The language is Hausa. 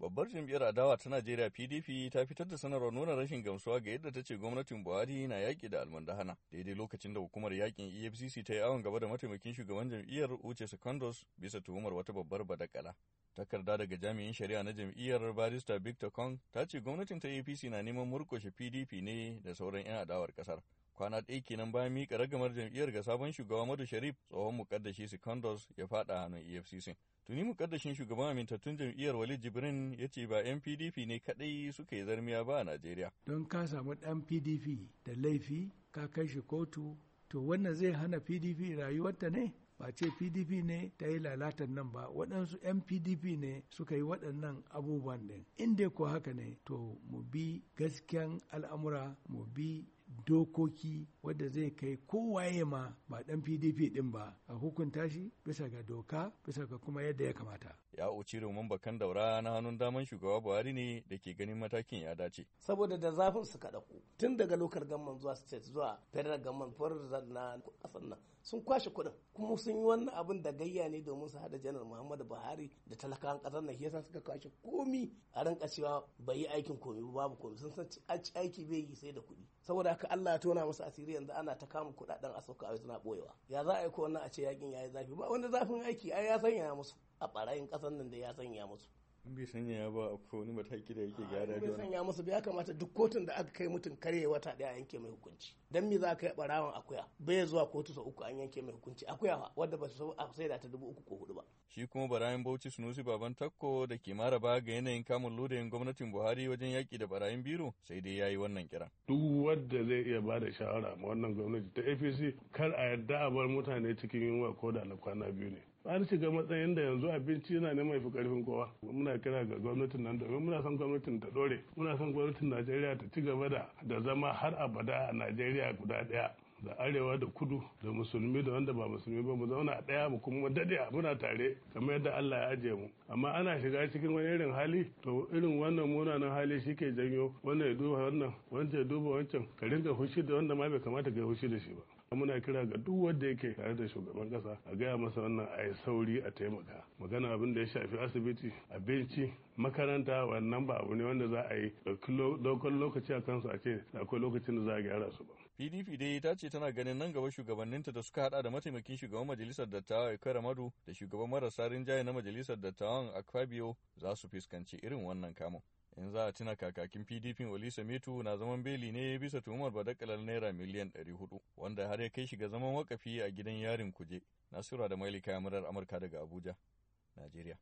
Babbar jam'iyyar adawa ta Najeriya PDP ta fitar da sanarwar nuna rashin gamsuwa ga yadda ta ce gwamnatin Buhari na yaƙi da almandahana. Daidai lokacin da hukumar yaƙin EFCC ta yi awon gaba da mataimakin shugaban jam'iyyar Uche Secondos bisa tuhumar wata babbar badakala. Takarda daga jami'in shari'a na jam'iyyar barista Victor Kong ta ce gwamnatin ta APC e na neman murkushe PDP ne da sauran 'yan adawar ƙasar. kwana ɗaya kenan bayan mika ragamar jam'iyyar ga sabon shugaba Madu Sharif tsohon mukaddashi Sikondos ya faɗa hannun EFCC. Tuni mukaddashin shugaban amintattun jam'iyyar Walid Jibrin ya ce ba 'yan PDP ne kaɗai suka yi zarmiya ba a Najeriya. Don ka samu ɗan PDP da laifi ka kai shi kotu to wannan zai hana PDP rayuwarta ne? ba ce pdp ne ta yi lalatar nan ba waɗansu 'yan pdp ne suka yi waɗannan abubuwan ɗin inda ko haka ne to mu bi gaskiyan al'amura mu bi dokoki wadda zai kai kowaye ma ba dan pdp din ba a hukunta shi bisa ga doka bisa ga kuma yadda ya kamata ya uci roman bakan daura na hannun daman shugaba buhari ne da ke ganin matakin ya dace saboda da zafin su ka dauko tun daga lokar gamman zuwa state zuwa federal gamman federal na kasan nan sun kwashe kuɗin kuma sun yi wannan abin da gayya ne domin su hada janar muhammadu buhari da talakawan kasar nan yasa suka kwashe komi a ranka cewa bai yi aikin komi babu komi sun san aiki bai yi sai da kuɗi saboda haka Allah ya tona musu asiri yanzu ana ta kama kuɗaɗen a sauka a suna boyewa ya za a yi ko wannan a ce yakin yayi zafi ba wanda zafin aiki ai ya sanya musu a ɓarayin kasan nan da ya sanya musu in bai sanya ba akwai wani mataki da yake ah, gyara da bai sanya musu ba ya kamata duk kotun da aka kai mutum kare wata daya yanke mai hukunci dan me za ka yi barawan akuya bai zuwa kotu sau uku an yanke mai hukunci akuya wadda ba su a sai da ta dubu uku ko hudu ba shi kuma barayin bauchi sunusi baban takko da ke maraba ga yanayin kamun lodayin gwamnatin buhari wajen yaki da barayin biro sai dai ya yi wannan kira duk wanda zai iya ba da shawara ma wannan gwamnati ta apc kar a yarda a bar mutane cikin yunwa ko da na kwana biyu ne an shiga matsayin da yanzu abinci yana neman fi karfin kowa muna kira ga gwamnatin nan domin muna son gwamnatin ta dore muna son gwamnatin najeriya ta ci gaba da zama har abada a najeriya guda daya da arewa da kudu da musulmi da wanda ba musulmi ba mu zauna ɗaya mu kuma mu dade muna tare kamar yadda Allah ya ajiye mu amma ana shiga cikin wani irin hali to irin wannan munanan hali shike janyo wanda ya duba wannan wancan ya duba wancan ka rinka hushi da wanda ma bai kamata ka hushi da shi ba muna kira ga duk wanda yake tare da shugaban kasa a gaya masa wannan a yi sauri a taimaka magana abin da ya shafi asibiti abinci makaranta wannan ba abu ne wanda za a yi ɗauki lokaci a kansu a ce akwai lokacin da za a gyara su ba PDP dai ta ce tana ganin nan gaba shugabanninta da suka hada da mataimakin shugaban majalisar dattawa Ikara Madu da shugaban marasa rinjaye na majalisar dattawan Akfabio za su fuskanci irin wannan kamun. In za a tuna kakakin PDP Walisa Metu na zaman beli ne bisa tuhumar badakalar naira miliyan 400 wanda har ya kai shiga zaman wakafi a gidan yarin kuje. Nasura da Mailika Yamurar Amurka daga Abuja, Najeriya.